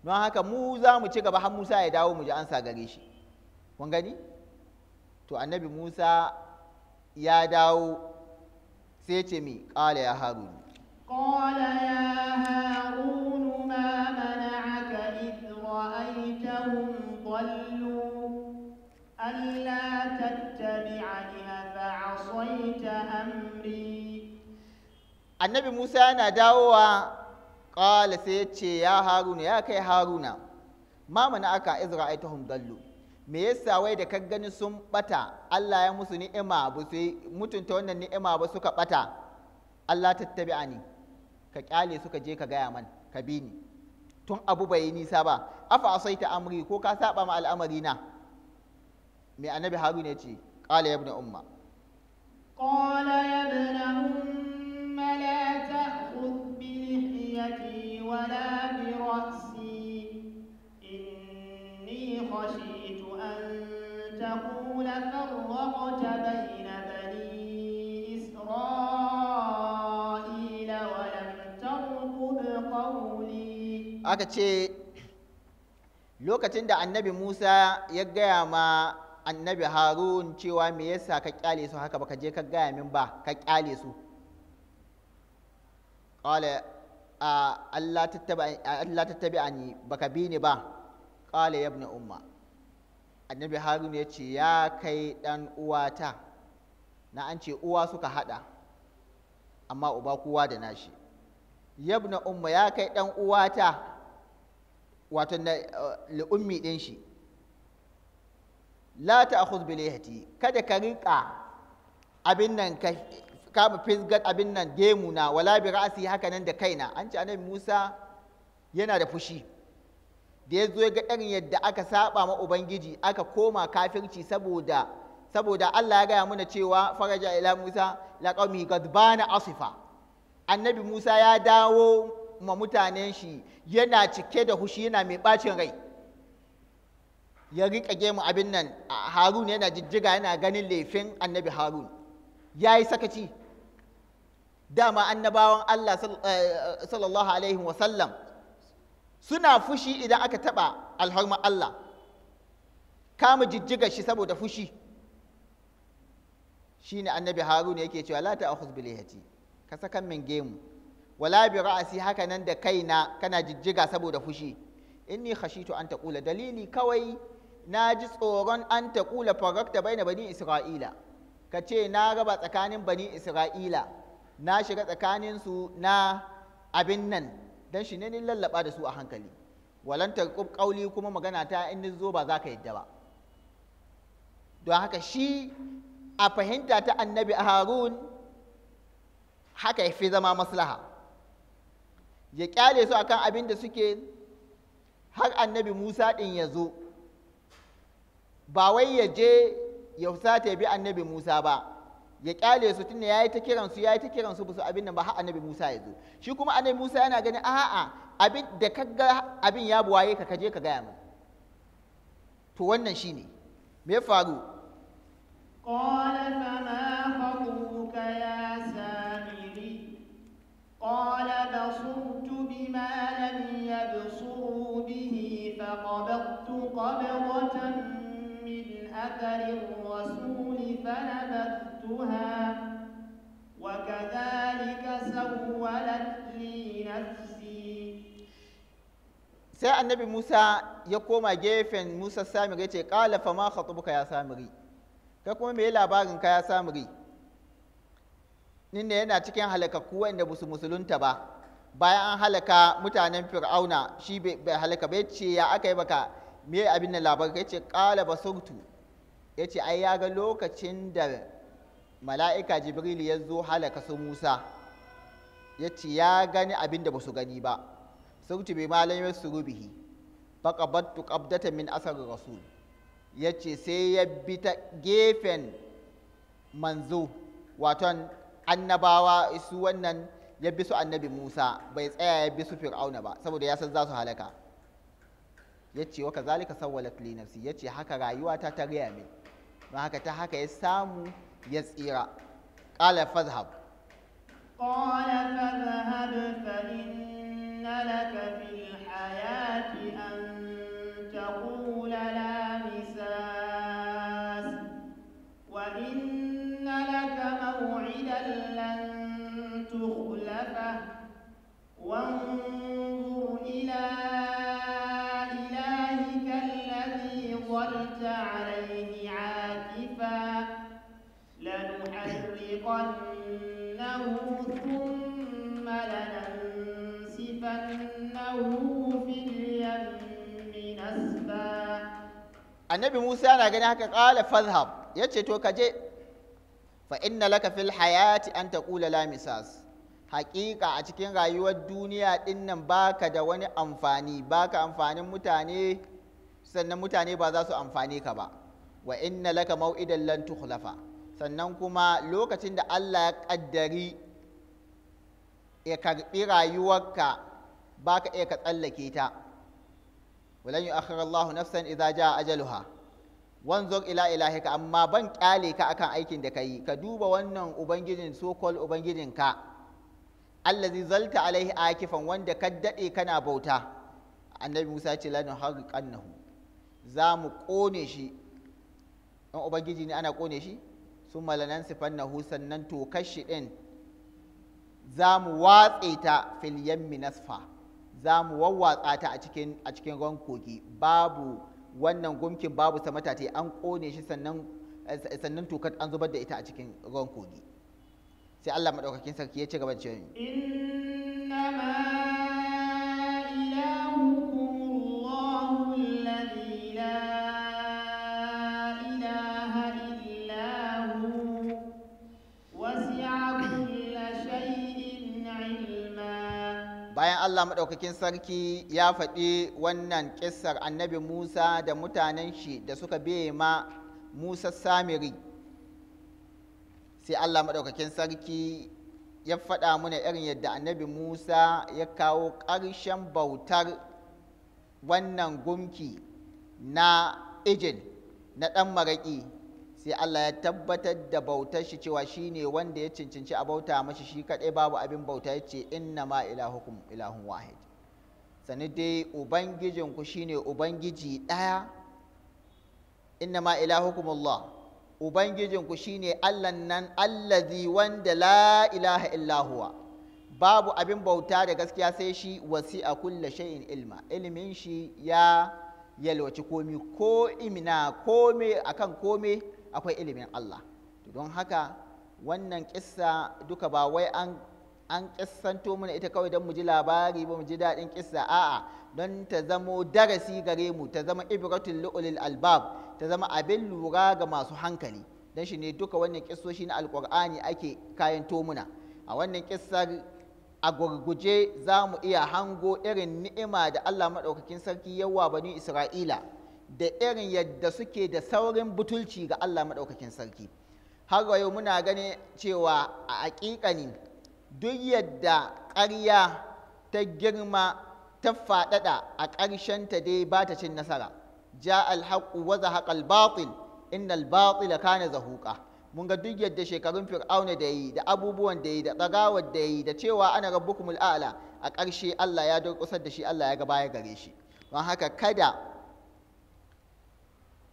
don haka mu za mu ci gaba har musa ya dawo mu ji ansa gare shi kun gani to annabi musa ya dawo sai ce mi ƙala ya haruni قال يا هارون ما منعك إذ رأيتهم ضلوا ألا تتبعني أفعصيت أمري النبي موسى نادوا قال سيتشي يا هارون يا كي هارون ما منعك إذ رأيتهم ضلوا me yasa wai da ka gani sun bata Allah ya musu ni'ima ba su mutunta wannan ni'ima ba suka bata Allah tattabi'ani ka kyale suka je ka gaya man ka bi ni tun abu bai yi nisa ba afa asaita amri ko ka saba ma al'amari na mai annabi haruna ya ce qala ya ibn umma qala ya ibn umma la ta'khudh bi lihiyati wa la bi ra'si inni khashitu an taqula farraqta bayna bani isra'il aka ce lokacin da annabi musa ya gaya ma annabi harun cewa me yasa ka kyale su haka baka je ka gaya min ba ka kyale su qala Allah tattabi ba baka bi ni ba qala ya bi umma annabi harun ya ce ya kai dan uwata na an ce uwa suka hada amma uba kowa da nashi ya umma ya kai dan uwata wato na eh, ummi din shi la ta'khudh bi lihati kada ka rika abin nan ka kama fisgat abin nan gemu na wala bi ra'si haka nan da kaina an ce annabi Musa yana da fushi da ya zo ya ga yadda aka saba ma ubangiji aka koma kafirci saboda saboda Allah ya gaya mana cewa faraja ila Musa la qaumi gadbana asifa annabi Musa ya dawo ma mutanen shi yana cike da hushi yana mai bacin rai ya riƙa gemu abin nan harun yana jijjiga yana ganin laifin annabi harun ya yi sakaci dama annabawan allah eh, eh, sallallahu alaihi wasallam suna fushi idan aka taɓa alharmar allah kama jijjiga shi saboda fushi shine annabi harun yake cewa la ta'khudh bilihati ka sakan min gemu wala bi ra'asi haka nan da kaina kana jijjiga saboda fushi inni khashitu an taqula dalili kawai na ji tsoron an taqula farakta baina bani isra'ila ka ce na raba tsakanin bani isra'ila na shiga tsakanin su na abin nan dan shi ne ni lallaba da su a hankali walan tarqub qauli kuma magana ta in zo ba za ka yadda ba don haka shi a fahimta ta annabi harun haka ya fi zama maslaha ya kyale su akan abin da suke har annabi musa ɗin ya zo ba wai ya je ya fusata ya bi annabi musa ba ya kyale su tunda yayi ta kiran su yayi ta kiran su busu abin nan ba har annabi Musa ya zo shi kuma annabi Musa yana ganin a abin da kaga abin ya buwaye ka kaje ka gaya min to wannan shine me ya faru qala قال بصرت بما لم يبصروا به فقبضت قبضة من أثر الرسول فنبذتها وكذلك سولت لي نفسي سيء النبي موسى يقوم جيفا موسى السامري قال فما خطبك يا سامري كم يلا باغنك يا سامري ne yana cikin halakakku wanda ba su musulunta ba bayan an halaka mutanen fir'auna shi bai halaka bai ce ya aka yi baka me abin da labar ya ce kala basurtu ya ce ai ya ga lokacin da mala'ika jibril ya zo halaka su musa ya ce ya gani abin da ba su gani ba surtu bai su rubihi baka batu kabdata min asar rasul ya ce sai ya bi ta gefen manzo waton annabawa su wannan ya bi su annabi Musa bai tsaya ya bi su Fir'auna ba saboda ya san za su halaka yace wa kazalika sawalat li nafsi yace haka rayuwata ta riya min don haka ta haka ya samu ya tsira qala fazhab qala fazhab fa inna laka fil hayati an taqula la annabi Musa yana gani haka qala fadhhab yace to kaje fa inna laka fil hayati an taqula la misas haƙiƙa a cikin rayuwar duniya din nan baka da wani amfani baka amfanin mutane sannan mutane ba za su amfane ka ba wa inna laka mau'idan lan tukhlafa sannan kuma lokacin da Allah ya kaddari ya karbi rayuwarka baka iya ka tsallake ta walan yu'akhkhira Allahu nafsan idza jaa ajaluha wanzur ila ilahika amma ban kyale ka akan aikin da yi. ka duba wannan ubangijin so called ubangijin ka allazi zalta alaihi akifan wanda ka dade kana bauta annabi Musa ya ce lanu harqannahu za mu kone shi dan ubangiji ne ana kone shi summa lanansifannahu sannan to shi din za mu watse ta fil yammi nasfa za mu wawwatsa ta a cikin a cikin ruwan kogi babu wannan gumkin babu samata ta an kone shi sannan eh, sannan tokar an zubar da ita a cikin ruwan kogi sai Allah madaukakin sarki ya ci gaba da cewa innama ilahu Allah maɗaukakin sarki ya faɗi wannan ƙissar annabi Musa da mutanen shi da suka biye ma Musa Samiri sai Allah maɗaukakin sarki ya faɗa muna irin yadda annabi Musa ya kawo ƙarshen bautar wannan gumki na ijil na ɗan maraƙi sai Allah ya tabbatar da bautar shi cewa shi ne wanda ya cincinci a bauta mashi shi kaɗai babu abin bauta ya ce inna ma ilahukum ilahun wahid sani dai ubangijinku shi ne ubangiji ɗaya inna ma ilahukum Allah ubangijinku shi ne Allahn nan allazi wanda la ilaha illahuwa babu abin bauta da gaskiya sai shi wasi a kulla shay'in ilma ilimin shi ya yalwaci komi ko imina kome akan kome akwai ilimin Allah don haka wannan kissa duka ba wai an an kissanto mana ita kawai don mu ji labari ba mu ji daɗin kissa a'a don ta zama darasi gare mu ta zama ibratul lu'ulil albab ta zama abin lura ga masu hankali don shi ne duka wannan kissoshi na alkur'ani ake kayan muna a wannan kissar a gurguje za mu iya hango irin ni'ima da allah maɗaukakin sarki yawa bani isra'ila da irin yadda suke da saurin butulci ga Allah maɗaukakin sarki har yau muna gane cewa a aƙiƙani duk yadda ƙarya ta girma ta faɗaɗa a ƙarshenta dai ba ta cin nasara ja alhaƙu wa zahaƙa albatil innal batila kana zahuƙa mun ga duk yadda shekarun fir'auna da yi da abubuwan da yi da tsagawar da yi da cewa ana rabbukumul a'la a ƙarshe Allah ya durƙusar da shi Allah ya ga baya gare shi don haka kada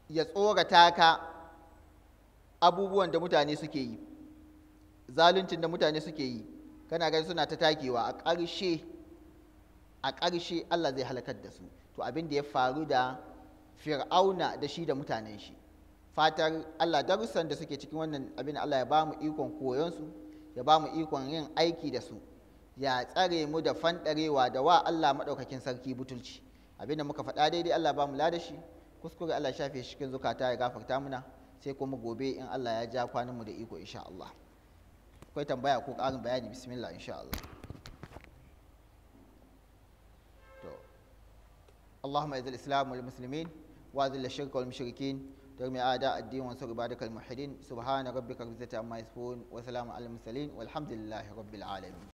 ya tsorata ka abubuwan da mutane suke yi zaluncin da mutane suke yi kana gani suna ta takewa a ƙarshe a ƙarshe Allah zai halakar da su to abin da ya faru da fir'auna da shi da mutanen shi fatar Allah darussan da suke cikin wannan abin Allah ya ba mu ikon koyon su, ya ba mu ikon yin aiki da su ya tsare mu da fanɗarewa da wa Allah maɗaukakin sarki butulci abin da muka faɗa daidai Allah ba mu lada shi kuskure Allah shafe shi cikin zukata ya gafarta muna sai kuma gobe in Allah ya ja kwanan mu da iko insha Allah akwai tambaya ko ƙarin bayani bismillah insha Allah to Allahumma izil islam wal muslimin wa zil shirka wal mushrikin ترمي أعداء الدين وانصر عبادك الموحدين سبحان ربك رب العزة عما يصفون wa على المرسلين والحمد لله رب العالمين